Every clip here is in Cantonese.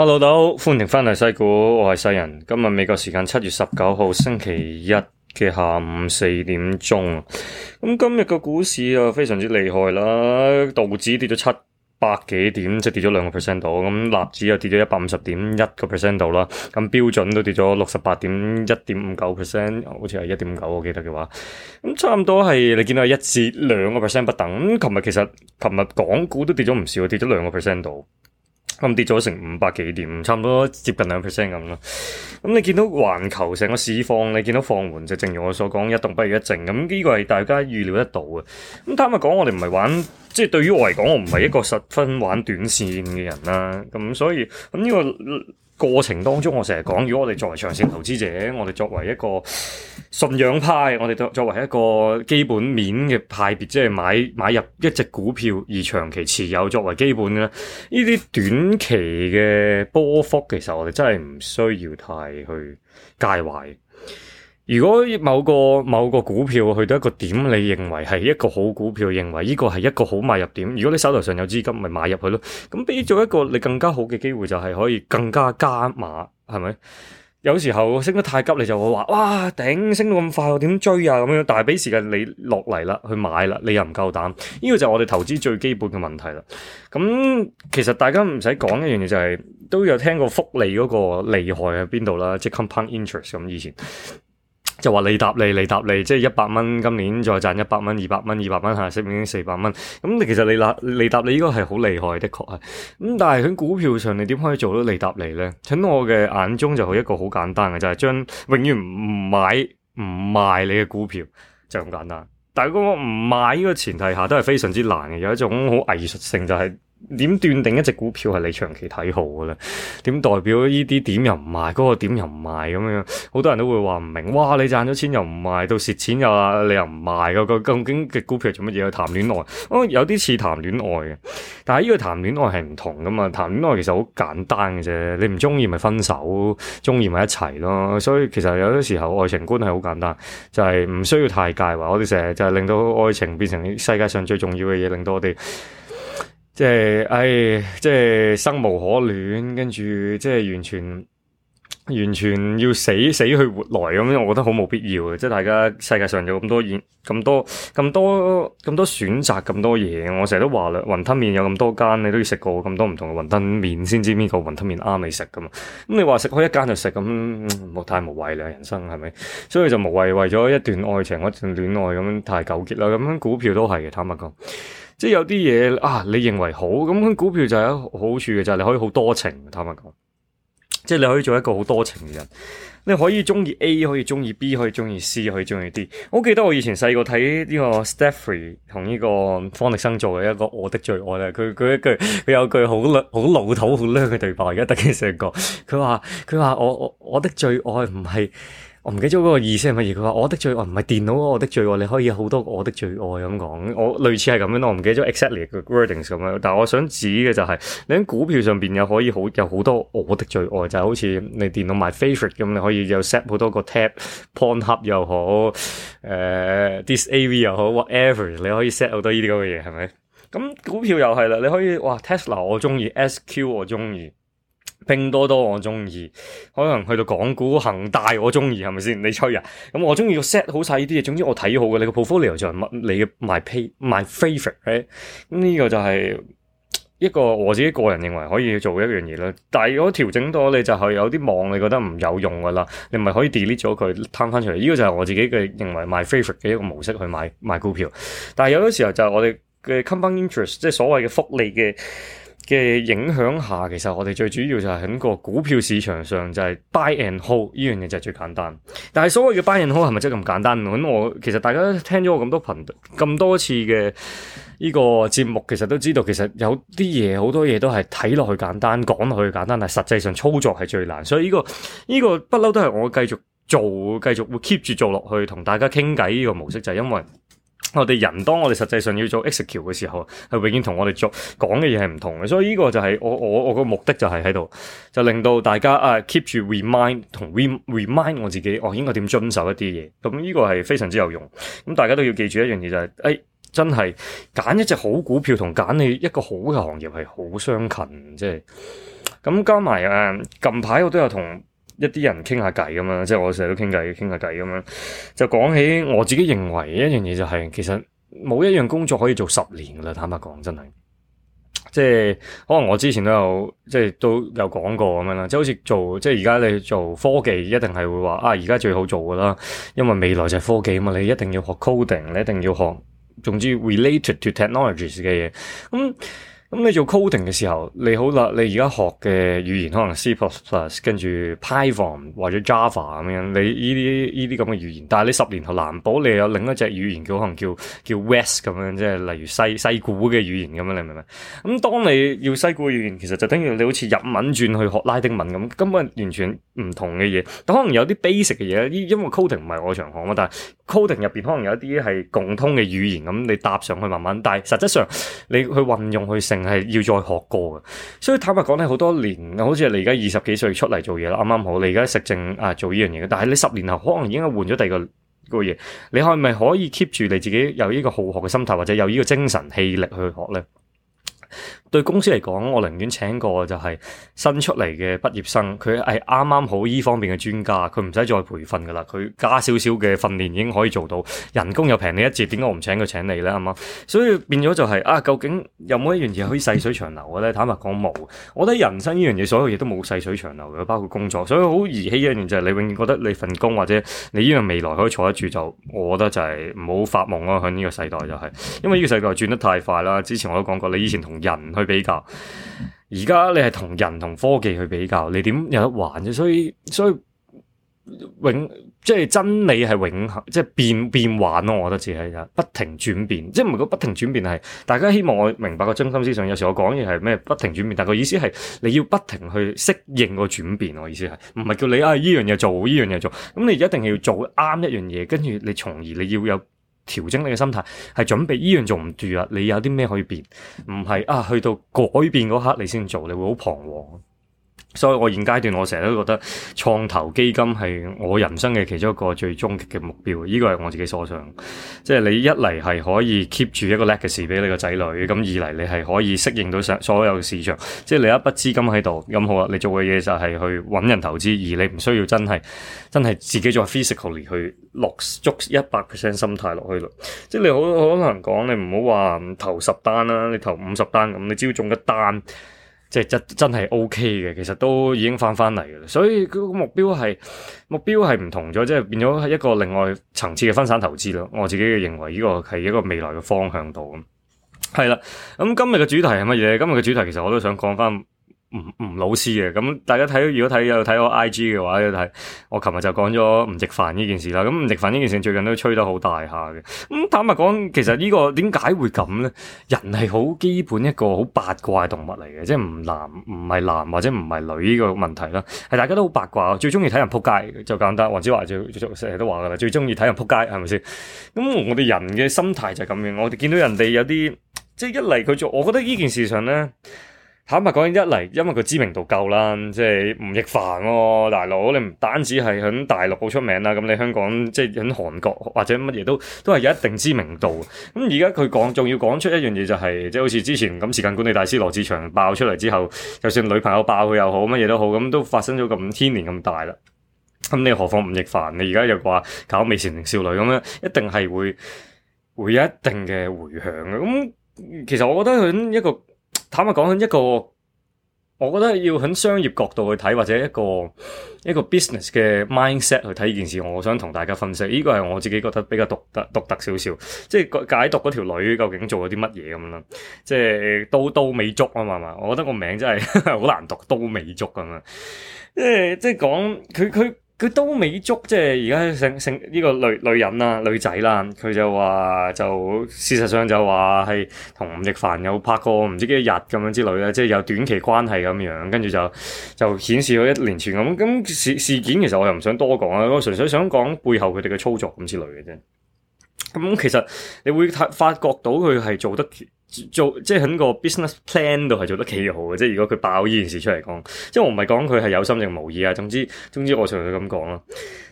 hello，大家好，歡迎翻嚟西股，我係西人。今日美國時間七月十九號星期一嘅下午四點鐘，咁今日嘅股市啊非常之厲害啦，道指跌咗七百幾點，即跌咗兩個 percent 度，咁納指又跌咗一百五十點一個 percent 度啦，咁標準都跌咗六十八點一點五九 percent，好似係一點九，我記得嘅話，咁差唔多係你見到係一至兩個 percent 不等。琴日其實琴日港股都跌咗唔少，跌咗兩個 percent 度。咁、嗯、跌咗成五百幾點，差唔多接近兩 percent 咁咯。咁、嗯嗯、你見到環球成個市況，你見到放緩，就正如我所講，一動不如一靜咁。呢、嗯這個係大家預料得到嘅。咁、嗯、坦白講，我哋唔係玩，即係對於我嚟講，我唔係一個十分玩短線嘅人啦、啊。咁、嗯、所以咁呢、嗯這個。過程當中，我成日講，如果我哋作為長線投資者，我哋作為一個信仰派，我哋作作為一個基本面嘅派別，即係買買入一隻股票而長期持有作為基本嘅，呢啲短期嘅波幅，其實我哋真係唔需要太去介懷。如果某個某個股票去到一個點，你認為係一個好股票，認為呢個係一個好買入點。如果你手頭上有資金，咪買入去咯。咁俾咗一個你更加好嘅機會，就係可以更加加碼，係咪？有時候升得太急，你就會話，哇，頂，升到咁快，我點追啊？咁樣。但係俾時間你落嚟啦，去買啦，你又唔夠膽。呢、這個就係我哋投資最基本嘅問題啦。咁其實大家唔使講一樣嘢、就是，就係都有聽過複利嗰個厲害喺邊度啦，即係 compound interest 咁以前。就話利搭利利搭利，即係一百蚊，今年再賺一百蚊、二百蚊、二百蚊吓，唔現四百蚊。咁其實利搭利搭你應該係好厲害，的確，的確係。咁但係喺股票上，你點可以做到利搭利咧？喺我嘅眼中就係一個好簡單嘅，就係、是、將永遠唔買唔賣你嘅股票就咁簡單。但係個唔買呢個嘅前提下，都係非常之難嘅，有一種好藝術性，就係、是。點斷定一隻股票係你長期睇好嘅咧？點代表呢啲點又唔賣，嗰個點又唔賣咁樣？好多人都會話唔明，哇！你賺咗錢又唔賣，到蝕錢又話你又唔賣，究竟嘅股票做乜嘢？去談戀愛，我、哦、有啲似談戀愛嘅，但係呢個談戀愛係唔同噶嘛？談戀愛其實好簡單嘅啫，你唔中意咪分手，中意咪一齊咯。所以其實有啲時候愛情觀係好簡單，就係唔需要太介懷。我哋成日就係令到愛情變成世界上最重要嘅嘢，令到我哋。即係，唉、哎，即係生無可戀，跟住即係完全，完全要死死去活來咁，我覺得好冇必要嘅。即係大家世界上有咁多，咁多，咁多，咁多選擇，咁多嘢。我成日都話啦，雲吞麵有咁多間，你都要食過咁多唔同嘅雲吞麵，先知邊個雲吞麵啱你食噶嘛。咁你話食開一間就食，咁太無謂啦，人生係咪？所以就無謂為咗一段愛情，一段戀愛咁樣，太糾結啦。咁樣股票都係嘅，坦白講。即係有啲嘢啊，你認為好咁，股票就係有好處嘅，就係、是、你可以好多情。坦白講，即係你可以做一個好多情嘅人，你可以中意 A，可以中意 B，可以中意 C，可以中意 D。我記得我以前細個睇呢個 Stephy 同呢個方力申做嘅一個我的最愛啊。佢佢一句佢有句好老好老土好叻嘅對白，而家突然想講，佢話佢話我我我的最愛唔係。我唔記得咗嗰個意思係乜嘢。佢話我的最愛唔係電腦，我的最愛，你可以有好多我的最愛咁講。我類似係咁樣，我唔記得咗 exactly 嘅 wordings 咁樣。但係我想指嘅就係、是、你喺股票上邊又可以好有好多我的最愛，就是、好似你電腦 my favorite 咁、呃，你可以又 set 好多個 tab，porn hub 又好，誒 this AV 又好 whatever，你可以 set 好多呢啲咁嘅嘢係咪？咁股票又係啦，你可以哇 Tesla 我中意，SQ 我中意。拼多多我中意，可能去到港股恒大我中意，係咪先？你吹啊？咁、嗯、我中意要 set 好晒呢啲嘢，總之我睇好嘅你個 portfolio 就係、是、乜你嘅 my pay my favorite 咁、欸、呢、嗯這個就係一個我自己個人認為可以做一樣嘢啦。但係如果調整到你就係有啲望你覺得唔有用噶啦，你咪可以 delete 咗佢，攤翻出嚟。呢、這個就係我自己嘅認為 my favorite 嘅一個模式去買買股票。但係有啲時候就係我哋嘅 compound interest，即係所謂嘅複利嘅。嘅影響下，其實我哋最主要就係喺個股票市場上就係 buy and hold 呢樣嘢就係最簡單。但係所謂嘅 buy and hold 係咪真係咁簡單？咁我其實大家都聽咗我咁多頻咁多次嘅呢個節目，其實都知道其實有啲嘢好多嘢都係睇落去簡單，講落去簡單，但係實際上操作係最難。所以呢個呢個不嬲都係我繼續做，繼續會 keep 住做落去，同大家傾偈呢個模式就係因為，我哋人當我哋實際上要做 execute 嘅時候，係永遠同我哋做講嘅嘢係唔同嘅，所以呢個就係、是、我我我個目的就係喺度，就令到大家啊、uh, keep 住 remind 同 remind 我自己，我、哦、應該點遵守一啲嘢，咁、嗯、呢、這個係非常之有用。咁、嗯、大家都要記住一樣嘢就係、是、誒、哎、真係揀一隻好股票同揀你一個好嘅行業係好相近，即係。咁加埋誒，近排我都有同。一啲人傾下偈咁樣，即係我成日都傾偈傾下偈咁樣，就講起我自己認為一樣嘢就係，其實冇一樣工作可以做十年噶啦，坦白講真係。即係可能我之前都有，即係都有講過咁樣啦。即係好似做，即係而家你做科技一定係會話啊，而家最好做噶啦，因為未來就係科技啊嘛，你一定要學 coding，你一定要學，總之 related to technologies 嘅嘢咁。嗯咁、嗯、你做 coding 嘅時候，你好啦，你而家學嘅語言可能 C plus plus，跟住 Python 或者 Java 咁樣，你呢啲呢啲咁嘅語言。但係你十年後難保你有另一隻語言叫可能叫叫 West 咁樣，即係例如西西古嘅語言咁樣，你明唔明？咁、嗯、當你要西古嘅語言，其實就等於你好似日文轉去學拉丁文咁，根本完全唔同嘅嘢。但可能有啲 basic 嘅嘢，因為 coding 唔係我長項啊，但係 coding 入邊可能有一啲係共通嘅語言咁，你搭上去慢慢。但係實質上你去運用去成。係要再學過嘅，所以坦白講咧，好多年，好似你而家二十幾歲出嚟、啊、做嘢啦，啱啱好你而家食正啊做呢樣嘢，但係你十年後可能已經換咗第二個、嗰個嘢，你係咪可以 keep 住你自己有呢個好學嘅心態，或者有呢個精神氣力去學咧？對公司嚟講，我寧願請個就係新出嚟嘅畢業生，佢係啱啱好呢方面嘅專家，佢唔使再培訓噶啦，佢加少少嘅訓練已經可以做到，人工又平你一折，點解我唔請佢請你咧？係嘛，所以變咗就係、是、啊，究竟有冇一樣嘢可以細水長流嘅咧？坦白講冇，我覺得人生呢樣嘢所有嘢都冇細水長流嘅，包括工作，所以好兒戲一樣嘢就係你永遠覺得你份工或者你呢樣未來可以坐得住就，就我覺得就係唔好發夢咯。喺呢個世代就係、是，因為呢個世代轉得太快啦。之前我都講過，你以前同人去比較，而家你係同人同科技去比較，你點有得玩啫？所以所以永即係真理係永恒，即係變變幻咯。我覺得似係不停轉變，即係唔係個不停轉變係大家希望我明白個中心思想。有時我講嘢係咩不停轉變，但係個意思係你要不停去適應個轉變。我意思係唔係叫你啊依樣嘢做依樣嘢做，咁你一定係要做啱一樣嘢，跟住你從而你要有。調整你嘅心態，係準備呢樣做唔住啊！你有啲咩可以變？唔係啊，去到改變嗰刻你先做，你會好彷徨。所以我現階段我成日都覺得創投基金係我人生嘅其中一個最終極嘅目標，呢個係我自己所想。即係你一嚟係可以 keep 住一個 legacy 俾你個仔女，咁二嚟你係可以適應到上所有市場。即係你一筆資金喺度，咁好啊！你做嘅嘢就係去揾人投資，而你唔需要真係真係自己做 physically 去落足一百 percent 心態落去咯。即係你好可能講你唔好話投十單啦，你投五十單咁，你只要中一單。即係真真係 OK 嘅，其實都已經翻翻嚟嘅，所以嗰個目標係目標係唔同咗，即係變咗係一個另外層次嘅分散投資咯。我自己嘅認為呢個係一個未來嘅方向度咁。係啦，咁今日嘅主題係乜嘢？今日嘅主題其實我都想講翻。唔唔，老師嘅咁，大家睇如果睇有睇我 IG 嘅話，就係我琴日就講咗吳亦凡呢件事啦。咁吳亦凡呢件事最近都吹得好大下嘅。咁坦白講，其實、這個、呢個點解會咁咧？人係好基本一個好八卦動物嚟嘅，即係唔男唔係男或者唔係女呢個問題啦。係大家都好八卦，最中意睇人扑街就簡單，黃子華就成日都話噶啦，最中意睇人扑街係咪先？咁我哋人嘅心態就咁樣，我哋見到人哋有啲即係一嚟佢做，我覺得呢件事上咧。坦白講，一嚟因為佢知名度夠啦，即係吳亦凡哦，大佬你唔單止係響大陸好出名啦，咁你香港即係響韓國或者乜嘢都都係有一定知名度。咁而家佢講，仲要講出一樣嘢就係、是，即係好似之前咁時間管理大師羅志祥爆出嚟之後，就算女朋友爆佢又好，乜嘢都好，咁都發生咗咁千年咁大啦。咁、嗯、你何況吳亦凡？你而家又話搞未成年少女咁樣，一定係會會有一定嘅回響嘅。咁、嗯、其實我覺得響一個。坦白講，一個我覺得要喺商業角度去睇，或者一個一個 business 嘅 mindset 去睇呢件事，我想同大家分析，呢個係我自己覺得比較獨特獨特少少，即係解解讀嗰條女究竟做咗啲乜嘢咁樣。即係都都美竹啊嘛嘛，我覺得個名真係好 難讀，都美竹咁啊。即係即係講佢佢。佢都未捉，即係而家成成呢個女女人啦、女仔啦，佢就話就事實上就話係同吳亦凡有拍過唔知幾多日咁樣之類咧，即係有短期關係咁樣，跟住就就顯示咗一連串咁。咁事事件其實我又唔想多講啦，我純粹想講背後佢哋嘅操作咁之類嘅啫。咁、嗯、其實你會發發覺到佢係做得做即係喺個 business plan 度係做得幾好嘅，即係如果佢爆呢件事出嚟講，即係我唔係講佢係有心定無意啊。總之總之我隨佢咁講啦。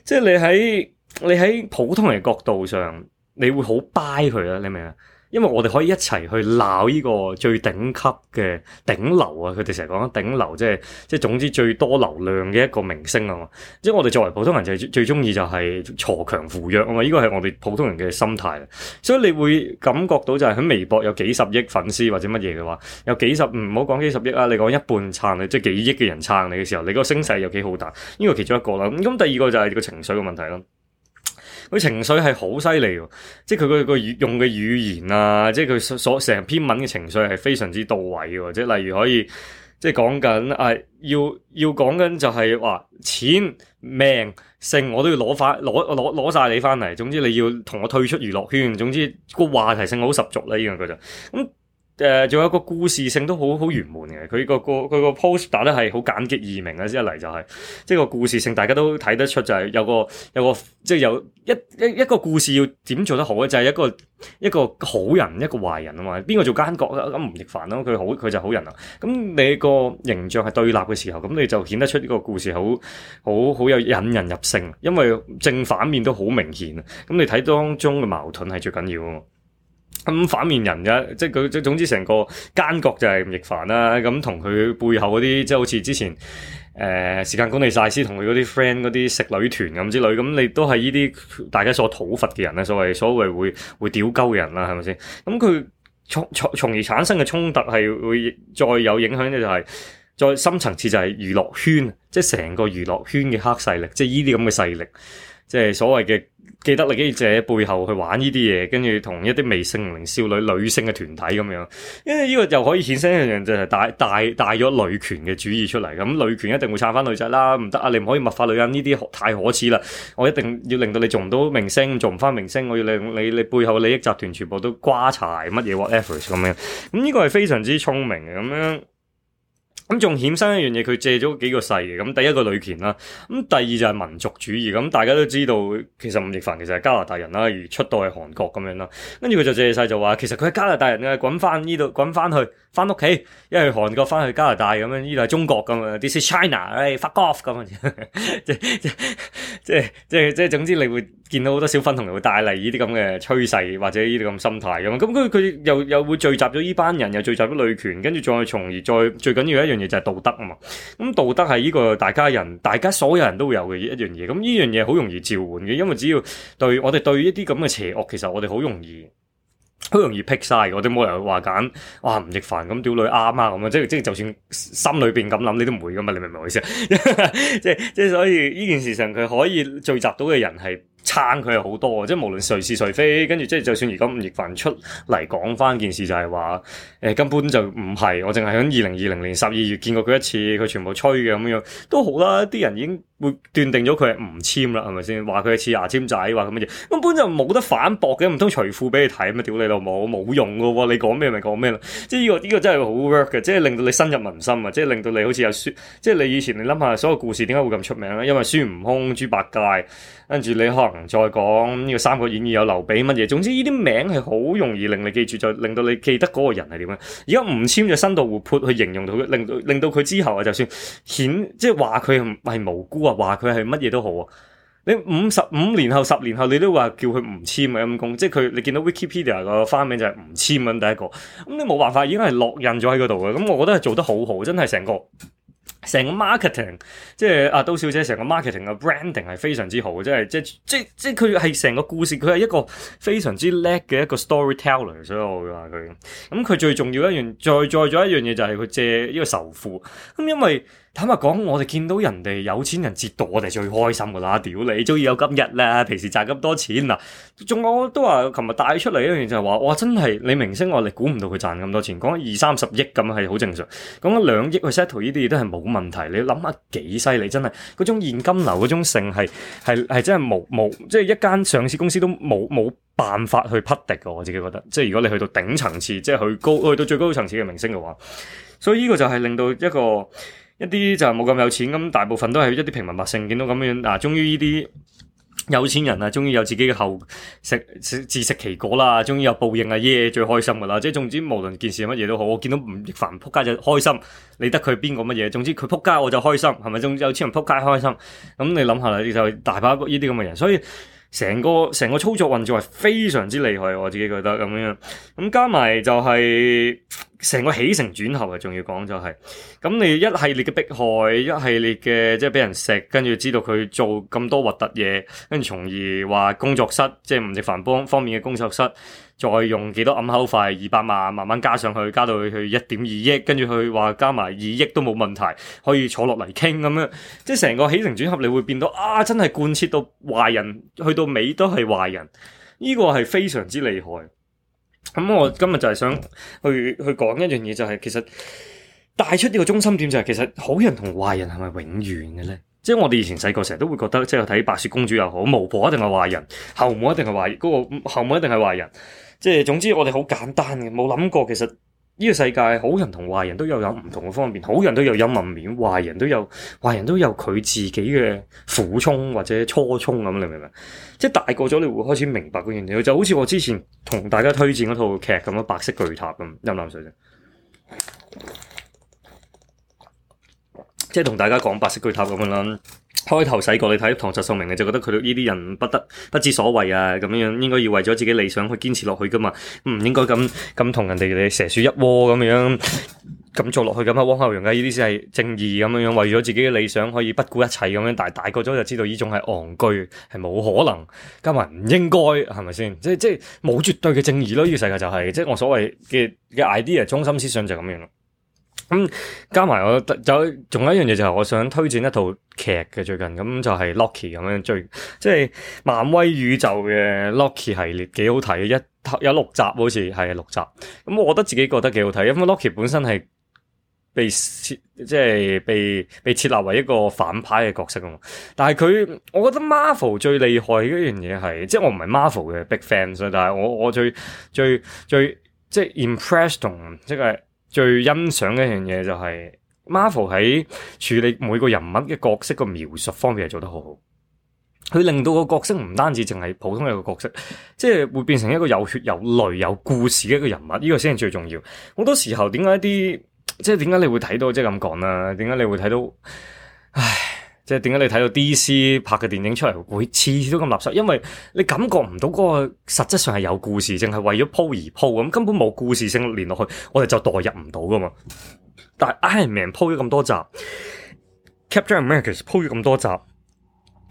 即係你喺你喺普通人角度上，你會好 buy 佢啊！你明唔明啊？因為我哋可以一齊去鬧呢個最頂級嘅頂流啊！佢哋成日講頂流，即係即係總之最多流量嘅一個明星啊嘛！即係我哋作為普通人就係、係、最最中意就係鋤強扶弱啊嘛！呢個係我哋普通人嘅心態、啊，所以你會感覺到就係喺微博有幾十億粉絲或者乜嘢嘅話，有幾十唔好講幾十億啊！你講一半撐你，即係幾億嘅人撐你嘅時候，你個聲勢有幾好大？呢個其中一個啦、啊。咁第二個就係個情緒嘅問題啦、啊。佢情緒係好犀利喎，即係佢個個語用嘅語言啊，即係佢所成篇文嘅情緒係非常之到位嘅喎，即係例如可以即係講緊啊，要要講緊就係話錢命性，我都要攞翻攞攞攞曬你翻嚟，總之你要同我退出娛樂圈，總之個話題性好十足啦，依個佢就咁。嗯。誒，仲有個故事性都好好圓滿嘅，佢個個佢個 post 打得咧係好簡潔易明嘅，一嚟就係即係個故事性，大家都睇得出就係有個有個即係有一一一個故事要點做得好咧，就係一個一個好人一個壞人啊嘛，邊個做奸角咧？咁、啊、吳亦凡咯，佢好佢就好人啊。咁你個形象係對立嘅時候，咁你就顯得出呢個故事好好好有引人入勝，因為正反面都好明顯。咁你睇當中嘅矛盾係最緊要。咁、嗯、反面人嘅，即係佢即係總之成個奸角就係吳亦凡啦、啊。咁同佢背後嗰啲，即係好似之前誒、呃、時間管理大師同佢嗰啲 friend 嗰啲食女團咁之類。咁、嗯、你都係依啲大家所討伐嘅人咧，所謂所謂會會屌鳩人啦，係咪先？咁、嗯、佢從從而產生嘅衝突係會再有影響嘅，就是，就係再深層次就係娛樂圈，即係成個娛樂圈嘅黑勢力，即係依啲咁嘅勢力。即係所謂嘅，既得利益者背後去玩呢啲嘢，跟住同一啲未成名少女、女性嘅團體咁樣，因為呢個又可以顯身一樣就係帶帶帶咗女權嘅主義出嚟，咁、嗯、女權一定會撐翻女仔啦，唔得啊，你唔可以物化女人呢啲太可恥啦，我一定要令到你做唔到明星，做唔翻明星，我要令你你背後嘅利益集團全部都瓜柴，乜嘢 whatever 咁樣，咁、嗯、呢、這個係非常之聰明嘅咁樣。嗯咁仲衍生一樣嘢，佢借咗幾個勢嘅。咁第一個女權啦，咁第二就係民族主義。咁大家都知道，其實吳亦凡其實係加拿大人啦，而出到去韓國咁樣啦。跟住佢就借勢，就話，其實佢係加拿大人嘅，滾翻呢度，滾翻去，翻屋企，因為去韓國，翻去加拿大咁樣。呢度係中國咁啊，This is China，哎，fuck off 咁啊，即係即係即係總之你會。見到好多小粉紅會帶嚟呢啲咁嘅趨勢，或者呢啲咁心態咁，咁佢佢又又會聚集咗呢班人，又聚集咗女權，跟住再從而再最緊要一樣嘢就係道德啊嘛！咁、嗯、道德係呢個大家人，大家所有人都會有嘅一樣嘢。咁呢樣嘢好容易召喚嘅，因為只要對我哋對一啲咁嘅邪惡，其實我哋好容易好容易劈晒。我哋冇理由話揀哇吳亦凡咁屌女啱啊咁啊！即係即係就算心裏邊咁諗，你都唔會噶嘛！你明唔明我意思？ 即？即係即係所以呢件事上，佢可以聚集到嘅人係。撐佢係好多，即係無論誰是誰非，跟住即係就算而家吳亦凡出嚟講翻件事就，就係話誒根本就唔係，我淨係響二零二零年十二月見過佢一次，佢全部吹嘅咁樣，都好啦，啲人已經。會斷定咗佢係唔簽啦，係咪先？話佢係似牙籤仔，話咁乜嘢？根本就冇得反駁嘅，唔通除褲俾你睇咩？屌你老母，冇用噶喎！你講咩咪講咩咯？即係呢個呢個真係好 work 嘅，即係令到你深入民心啊！即係令到你好似有……即係你以前你諗下所有故事點解會咁出名咧？因為孫悟空、豬八戒，跟住你可能再講呢個《三國演義》有劉備乜嘢？總之呢啲名係好容易令你記住，就令到你記得嗰個人係點樣。而家唔簽就深度活潑去形容到，令到令到佢之後啊，就算顯即係話佢係無辜。話佢係乜嘢都好啊！你五十五年後、十年後，你都話叫佢唔簽咁公，即係佢你見到 Wikipedia 個花名就係唔簽咁第一個，咁你冇辦法，已經係落印咗喺嗰度嘅。咁我覺得係做得好好，真係成個成個 marketing，即係阿、啊、都小姐成個 marketing 嘅 branding 係非常之好，即係即即即即佢係成個故事，佢係一個非常之叻嘅一個 story teller，所以我會話佢。咁佢最重要一樣，再再做一樣嘢就係佢借呢個仇富，咁因為。坦白講，我哋見到人哋有錢人折墮，我哋最開心噶啦！屌你，終於有今日啦！平時賺咁多錢啊，仲我都話，琴日帶出嚟一樣就係話，哇！真係你明星我哋估唔到佢賺咁多錢，講咗二三十億咁係好正常，講咗兩億去 s e t t 呢啲嘢都係冇問題。你諗下幾犀利，真係嗰種現金流嗰種性係係係真係冇冇，即係一間上市公司都冇冇辦法去匹敵噶。我自己覺得，即係如果你去到頂層次，即係去高去到最高層次嘅明星嘅話，所以呢個就係令到一個。一啲就冇咁有錢，咁大部分都係一啲平民百姓見到咁樣嗱，終於呢啲有錢人啊，終於有自己嘅後食自食其果啦，終於有報應啊，耶！最開心噶啦，即係總之無論件事係乜嘢都好，我見到吳亦凡撲街就開心，理得佢邊個乜嘢，總之佢撲街我就開心，係咪？總之有錢人撲街開心，咁你諗下啦，你就大把呢啲咁嘅人，所以成個成個操作運作係非常之厲害，我自己覺得咁樣，咁加埋就係。成個起承轉合啊，仲要講就係咁，你一系列嘅迫害，一系列嘅即係俾人食，跟住知道佢做咁多核突嘢，跟住從而話工作室，即係吳亦凡幫方面嘅工作室，再用幾多暗口費二百萬，慢慢加上去，加到去一點二億，跟住佢話加埋二億都冇問題，可以坐落嚟傾咁樣，即係成個起承轉合，你會變到啊，真係貫徹到壞人，去到尾都係壞人，呢個係非常之厲害。咁、嗯、我今日就係想去去講一樣嘢，就是，就係其實帶出呢個中心點就係、是，其實好人同壞人係咪永遠嘅咧？即係我哋以前細個成日都會覺得，即係睇白雪公主又好，巫婆一定係壞人，後母一定係壞，嗰個後母一定係壞人。即係總之我哋好簡單嘅，冇諗過其實。呢個世界，好人同壞人都有有唔同嘅方面，好人都有陰暗面，壞人都有壞人都有佢自己嘅苦衷或者初衷咁，你明唔明？即係大個咗，你會開始明白嗰樣嘢，就好似我之前同大家推薦嗰套劇咁咯，《白色巨塔》咁，飲唔飲水啫？即係同大家講《白色巨塔》咁樣啦。開頭細個你睇《唐侄宋明》，你就覺得佢呢啲人不得不知所謂啊，咁樣樣應該要為咗自己理想去堅持落去噶嘛，唔、嗯、應該咁咁同人哋蛇鼠一窩咁樣咁做落去咁啊，汪厚榮啊，呢啲先係正義咁樣樣，為咗自己嘅理想可以不顧一切咁樣，但係大個咗就知道，呢種係戇居係冇可能，加埋唔應該係咪先？即係即係冇絕對嘅正義咯，呢、這個世界就係、是、即係我所謂嘅 idea 中心思想就咁樣咯。咁加埋我就仲有一樣嘢，就係我想推薦一套劇嘅，最近咁就係 Loki 咁樣，最即係漫威宇宙嘅 Loki 系列幾好睇，一有六集好似係六集咁，我覺得自己覺得幾好睇，因為 Loki 本身係被即係被即被設立為一個反派嘅角色噶嘛，但係佢我覺得 Marvel 最厲害嘅一樣嘢係即係我唔係 Marvel 嘅 big fans 啊，但係我我最最最即係 impressed 即係。最欣賞嘅一樣嘢，就係 Marvel 喺處理每個人物嘅角色嘅描述方面係做得好好，佢令到個角色唔單止淨係普通一個角色，即係會變成一個有血有淚有故事嘅一個人物，呢個先係最重要。好多時候點解啲即係點解你會睇到，即係咁講啦？點解你會睇到？唉。即係點解你睇到 DC 拍嘅電影出嚟會次次都咁垃圾？因為你感覺唔到嗰個實質上係有故事性，係為咗鋪而鋪，咁根本冇故事性連落去，我哋就代入唔到噶嘛。但係 Iron Man 鋪咗咁多集，Captain America 鋪咗咁多集。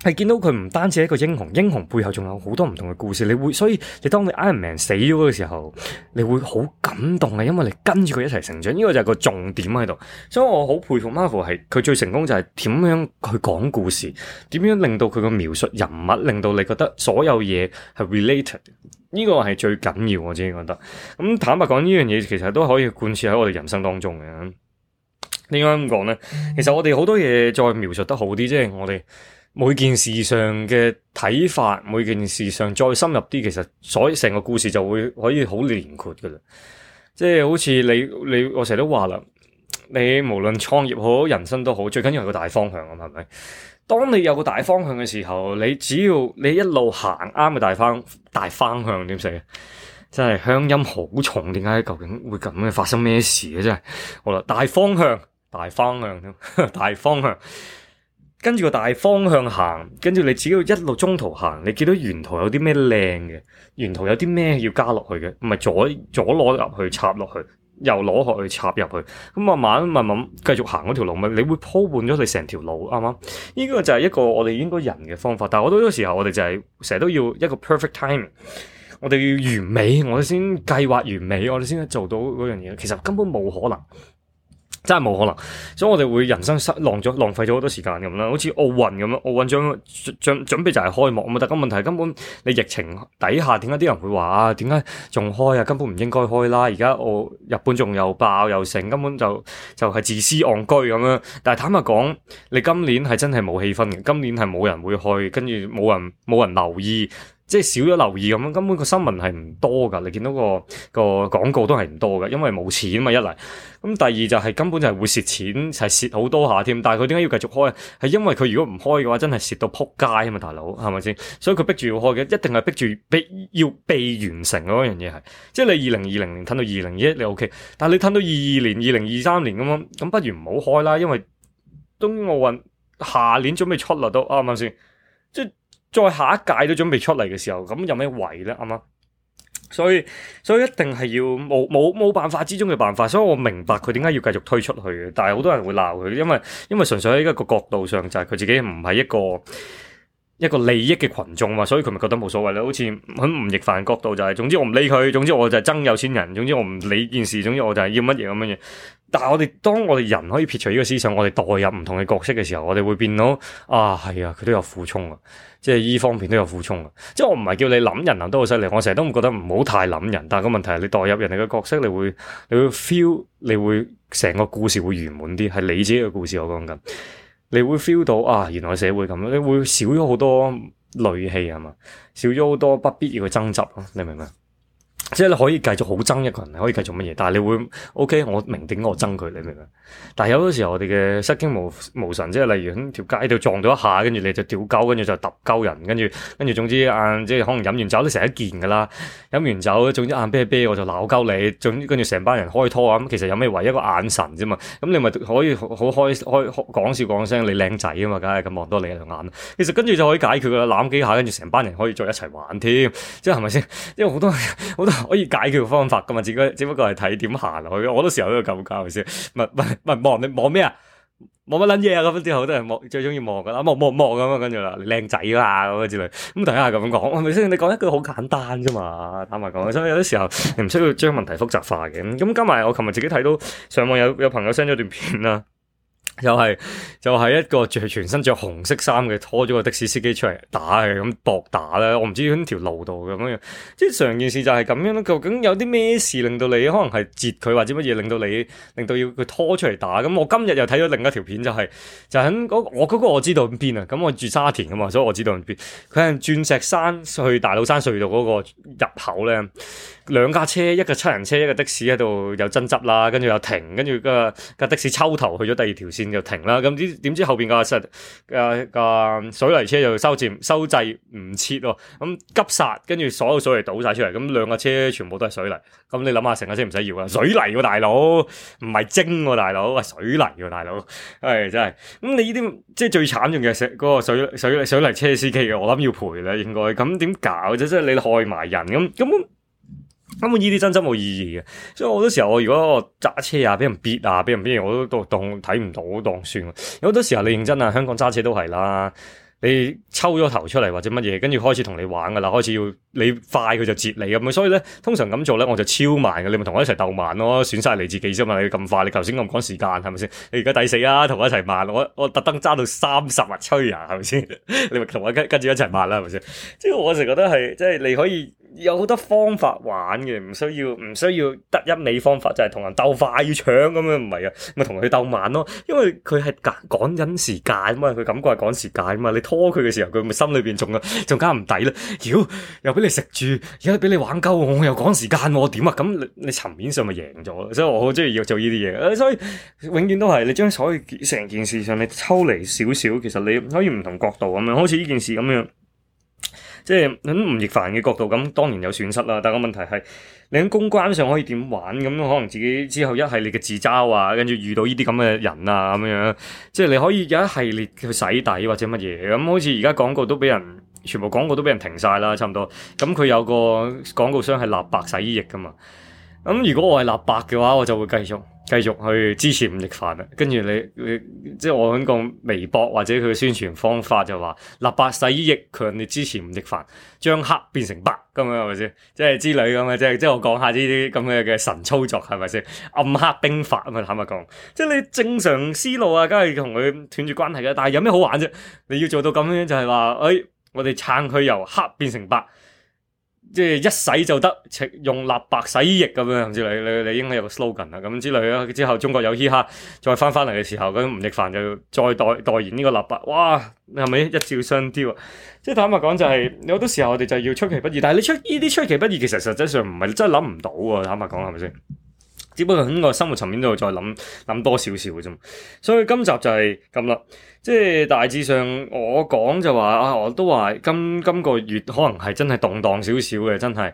係見到佢唔單止係一個英雄，英雄背後仲有好多唔同嘅故事。你會所以，你當你 Iron Man 死咗嘅時候，你會好感動啊，因為你跟住佢一齊成長。呢個就係個重點喺度，所以我好佩服 Marvel 係佢最成功就係點樣去講故事，點樣令到佢個描述人物，令到你覺得所有嘢係 related。呢個係最緊要，我自己覺得。咁坦白講，呢樣嘢其實都可以貫徹喺我哋人生當中嘅。點解咁講呢，其實我哋好多嘢再描述得好啲，即係我哋。每件事上嘅睇法，每件事上再深入啲，其實所以成個故事就會可以好連貫噶啦。即係好似你你我成日都話啦，你無論創業好，人生都好，最緊要係個大方向啊嘛，係咪？當你有個大方向嘅時候，你只要你一路行啱嘅大方大方向點寫？真係鄉音好重，點解究竟會咁樣發生咩事咧？真係好啦，大方向，大方向， 大方向。跟住個大方向行，跟住你自己一路中途行，你見到沿途有啲咩靚嘅，沿途有啲咩要加落去嘅，唔係左左攞入去插落去，右攞殼去插入去，咁慢慢慢慢繼續行嗰條路咪，你會鋪滿咗你成條路啱唔啱？呢個就係一個我哋應該人嘅方法，但係好多時候我哋就係成日都要一個 perfect time，我哋要完美，我哋先計劃完美，我哋先做到嗰樣嘢，其實根本冇可能。真係冇可能，所以我哋會人生失浪咗，浪費咗好多時間咁啦。好似奧運咁樣，奧運將將,將,將準備就係開幕，咪但係問題根本你疫情底下，點解啲人會話啊？點解仲開啊？根本唔應該開啦、啊！而家我日本仲又爆又成，根本就就係、是、自私戇居咁樣。但係坦白講，你今年係真係冇氣氛嘅，今年係冇人會開，跟住冇人冇人留意。即係少咗留意咁樣，根本個新聞係唔多噶你見到個個廣告都係唔多噶因為冇錢嘛。一嚟，咁第二就係根本就係會蝕錢，係蝕好多下添。但係佢點解要繼續開？係因為佢如果唔開嘅話，真係蝕到撲街啊嘛，大佬係咪先？所以佢逼住要開嘅，一定係逼住逼要被完成嗰樣嘢係。即係你二零二零年褪到二零二一，你 OK，但係你褪到二二年、二零二三年咁樣，咁不如唔好開啦，因為東奧運下年準備出啦都啱唔啱先？即係。再下一屆都準備出嚟嘅時候，咁有咩為咧？啱唔啱？所以所以一定係要冇冇冇辦法之中嘅辦法，所以我明白佢點解要繼續推出去嘅。但係好多人會鬧佢，因為因為純粹喺一個角度上就係佢自己唔係一個一個利益嘅群眾嘛，所以佢咪覺得冇所謂咯。好似喺吳亦凡角度就係、是，總之我唔理佢，總之我就係憎有錢人，總之我唔理件事，總之我就係要乜嘢咁乜嘢。但係我哋當我哋人可以撇除呢個思想，我哋代入唔同嘅角色嘅時候，我哋會變到啊，係啊，佢都有苦衷啊，即係呢方面都有苦衷啊。即係我唔係叫你諗人諗得好犀利，我成日都唔覺得唔好太諗人。但係個問題係你代入人哋嘅角色，你會你會 feel 你會成個故事會圓滿啲，係你自己嘅故事我講緊，你會 feel 到啊，原來社會咁樣，你會少咗好多戾氣啊嘛，少咗好多不必要嘅爭執咯，你明唔明啊？即係你可以繼續好憎一個人，你可以繼續乜嘢？但係你會 OK，我明定我憎佢，你明唔明？但係有好多時候我，我哋嘅失驚無無神，即係例如喺條街度撞到一下，跟住你就掉鳩，跟住就揼鳩人，跟住跟住總之眼、啊，即係可能飲完酒都成一件㗎啦。飲完酒總之眼、啊、啤啤，啤，我就鬧鳩你。總之跟住成班人開拖啊，咁其實有咩唯一,一個眼神啫嘛。咁你咪可以好開開講笑講聲你靚仔啊嘛，梗係咁望多你兩眼。其實跟住就可以解決㗎啦，攬幾下跟住成班人可以再一齊玩添，即係係咪先？因為好多好多。可以解決方法噶嘛？只不只不過係睇點行落去。我都時候都係咁講，係咪先？唔係唔係望你望咩啊？望乜撚嘢啊？咁之後好多人望，最中意望噶啦，望望望咁啊，跟住啦，靚仔啦咁啊之類。咁大家係咁講，係咪先？你講一句好簡單啫嘛，坦白講。所以有啲時候你唔需要將問題複雜化嘅。咁加埋我琴日自己睇到上網有有朋友 send 咗段片啦。又係就係一個全身着紅色衫嘅拖咗個的士司機出嚟打嘅咁搏打啦。我唔知喺條路度咁樣，即係成件事就係咁樣。究竟有啲咩事令到你可能係截佢或者乜嘢令到你令到要佢拖出嚟打？咁我今日又睇咗另一條片、就是，就係就喺我嗰個我知道邊啊。咁我住沙田啊嘛，所以我知道邊。佢係鑽石山去大老山隧道嗰個入口咧，兩架車，一個七人車，一個的士喺度有爭執啦，跟住又停，跟住個個的士抽頭去咗第二條線。就停啦，咁點點知後邊個實誒個水泥車就收掣收掣唔切咯，咁急剎，跟住所有水泥倒晒出嚟，咁兩個車全部都係水泥，咁你諗下成個車唔使要啊，水泥、啊、大佬唔係精大佬，係水泥、啊、大佬，唉、哎，真係，咁你呢啲即係最慘重嘅，嗰、那個水水泥水泥車司機嘅，我諗要賠啦，應該，咁點搞啫，即係你害埋人，咁咁。根本呢啲真真冇意義嘅，所以我好多時候我如果揸車啊，畀人逼啊，畀人乜嘢啊，我都當睇唔到，當算。有好多時候你認真啊，香港揸車都係啦，你抽咗頭出嚟或者乜嘢，跟住開始同你玩噶啦，開始要。你快佢就接你嘅咁，所以咧通常咁做咧，我就超慢嘅。你咪同我一齊鬥慢咯，損晒你自己啫嘛。你咁快，你頭先咁趕時間，係咪先？你而家抵死啊，同我一齊慢。我我特登揸到三十日吹人，啊，係咪先？ 你咪同我跟跟住一齊慢啦，係咪先？即係我成日覺得係，即係你可以有好多方法玩嘅，唔需要唔需要得一味方法就係，是，同人鬥快要搶咁樣，唔係啊，咪同佢鬥慢咯。因為佢係趕趕緊時間啊嘛，佢感覺係趕時間啊嘛。你拖佢嘅時候，佢咪心裏邊仲仲加唔抵啦。妖、哎、又俾你。食住而家俾你玩鳩，我又趕時間，我點啊？咁你你層面上咪贏咗？所以我好中意要做呢啲嘢。所以永遠都係你將所謂成件事上，你抽離少少，其實你可以唔同角度咁樣。好似呢件事咁樣，即係喺吳亦凡嘅角度咁，當然有損失啦。但個問題係你喺公關上可以點玩？咁可能自己之後一系列嘅自嘲啊，跟住遇到呢啲咁嘅人啊咁樣，即係你可以有一系列去洗底或者乜嘢。咁好似而家廣告都俾人。全部廣告都俾人停晒啦，差唔多。咁、嗯、佢有個廣告商係立白洗衣液噶嘛。咁、嗯、如果我係立白嘅話，我就會繼續繼續去支持吳亦凡啦。跟住你，呃、即係我喺個微博或者佢嘅宣傳方法就話立白洗衣液，強烈支持吳亦凡，將黑變成白咁樣，係咪先？即係之類咁嘅啫。即係我講下呢啲咁嘅嘅神操作係咪先？暗黑兵法啊嘛，坦白講，即係你正常思路啊，梗係同佢斷住關係嘅。但係有咩好玩啫？你要做到咁樣就係、是、話，哎。我哋撐佢由黑變成白，即係一洗就得，用立白洗衣液咁樣，之你你你應該有個 slogan 啊咁之類啊。之後中國有嘻哈，再翻翻嚟嘅時候，咁吳亦凡就再代代言呢個立白，哇，係咪一照雙雕？啊？即係坦白講、就是，就係有好多時候我哋就要出其不意，但係你出呢啲出其不意，其實實際上唔係真係諗唔到啊！坦白講，係咪先？只不過喺個生活層面度再諗諗多少少嘅啫，所以今集就係咁啦。即係大致上我講就話啊，我都話今今個月可能係真係動盪少少嘅，真係。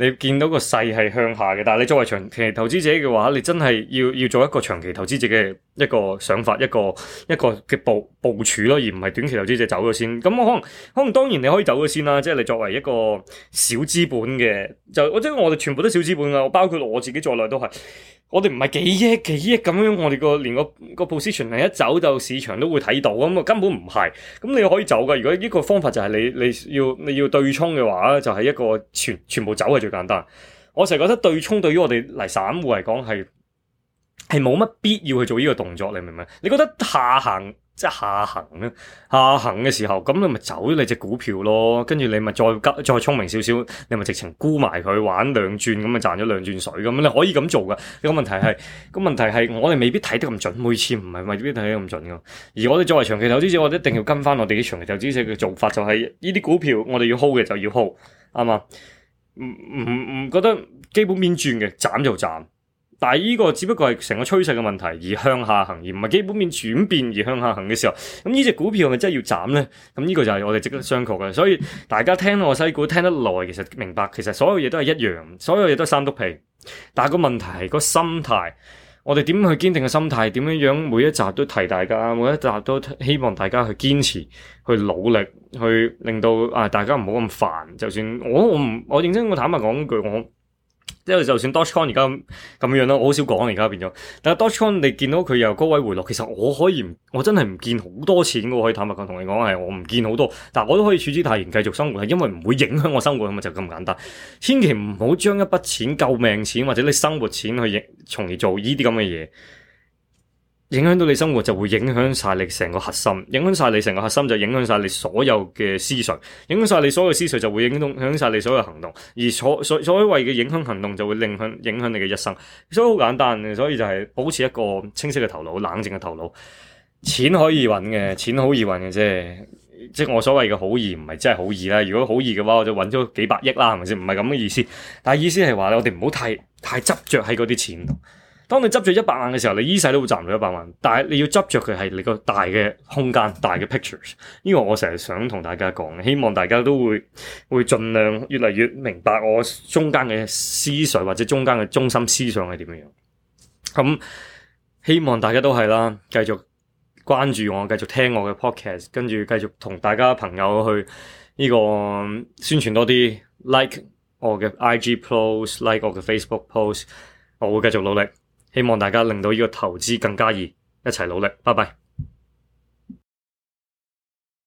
你見到個勢係向下嘅，但係你作為長期投資者嘅話，你真係要要做一個長期投資者嘅一個想法，一個一個嘅部部署咯，而唔係短期投資者走咗先。咁我可能可能當然你可以走咗先啦，即係你作為一個小資本嘅，就即係我哋全部都小資本呀，包括我自己在內都係。我哋唔係幾億幾億咁樣，我哋個連個個 position 係一走就市場都會睇到咁啊，根本唔係。咁你可以走噶，如果呢個方法就係你你要你要對沖嘅話，就係一個全全部走係最簡單。我成日覺得對沖對於我哋嚟散戶嚟講係係冇乜必要去做呢個動作，你明唔明？你覺得下行？即係下行咧，下行嘅時候，咁你咪走咗你隻股票咯，跟住你咪再急，再聰明少少，你咪直情沽埋佢，玩兩轉咁咪賺咗兩轉水咁，你可以咁做噶。呢個問題係，個問題係，題我哋未必睇得咁準，每次唔係未必睇得咁準噶。而我哋作為長期投資者，我哋一定要跟翻我哋啲長期投資者嘅做法，就係，就係呢啲股票我哋要 hold 嘅就要 hold 啱嘛，唔唔唔覺得基本面轉嘅斬就斬。但係呢個只不過係成個趨勢嘅問題而向下行，而唔係基本面轉變而向下行嘅時候，咁呢隻股票係咪真係要斬咧？咁呢個就係我哋值得商榷嘅。所以大家聽我西股聽得耐，其實明白其實所有嘢都係一樣，所有嘢都係三督皮。但係個問題係個心態，我哋點去堅定嘅心態？點樣樣每一集都提大家，每一集都希望大家去堅持、去努力、去令到啊大家唔好咁煩。就算我我唔我認真，我坦白講句我。因為就算 Dotcom 而家咁咁樣啦，我好少講而家變咗。但係 Dotcom 你見到佢又高位回落，其實我可以唔，我真係唔見好多錢，我可以坦白講同你講係，我唔見好多。但係我都可以處之泰然，繼續生活，係因為唔會影響我生活啊嘛，就咁簡單。千祈唔好將一筆錢救命錢或者你生活錢去從而做呢啲咁嘅嘢。影響到你生活，就會影響晒你成個核心，影響晒你成個核心，就影響晒你所有嘅思緒，影響晒你所有思緒，就會影響響晒你所有行動，而所所所謂嘅影響行動，就會影響影響你嘅一生。所以好簡單，所以就係保持一個清晰嘅頭腦、冷靜嘅頭腦。錢可以揾嘅，錢好易揾嘅啫。即係我所謂嘅好易，唔係真係好易啦。如果好易嘅話，我就揾咗幾百億啦，係咪先？唔係咁嘅意思，但係意思係話我哋唔好太太執着喺嗰啲錢度。當你執着一百萬嘅時候，你一世都會賺唔到一百萬。但係你要執着佢係你個大嘅空間、大嘅 pictures。呢個我成日想同大家講，希望大家都會會盡量越嚟越明白我中間嘅思想，或者中間嘅中心思想係點樣。咁、嗯、希望大家都係啦，繼續關注我，繼續聽我嘅 podcast，跟住繼續同大家朋友去呢、這個宣傳多啲，like 我嘅 IG post，like 我嘅 Facebook post，我會繼續努力。希望大家令到呢個投資更加易，一齊努力，拜拜。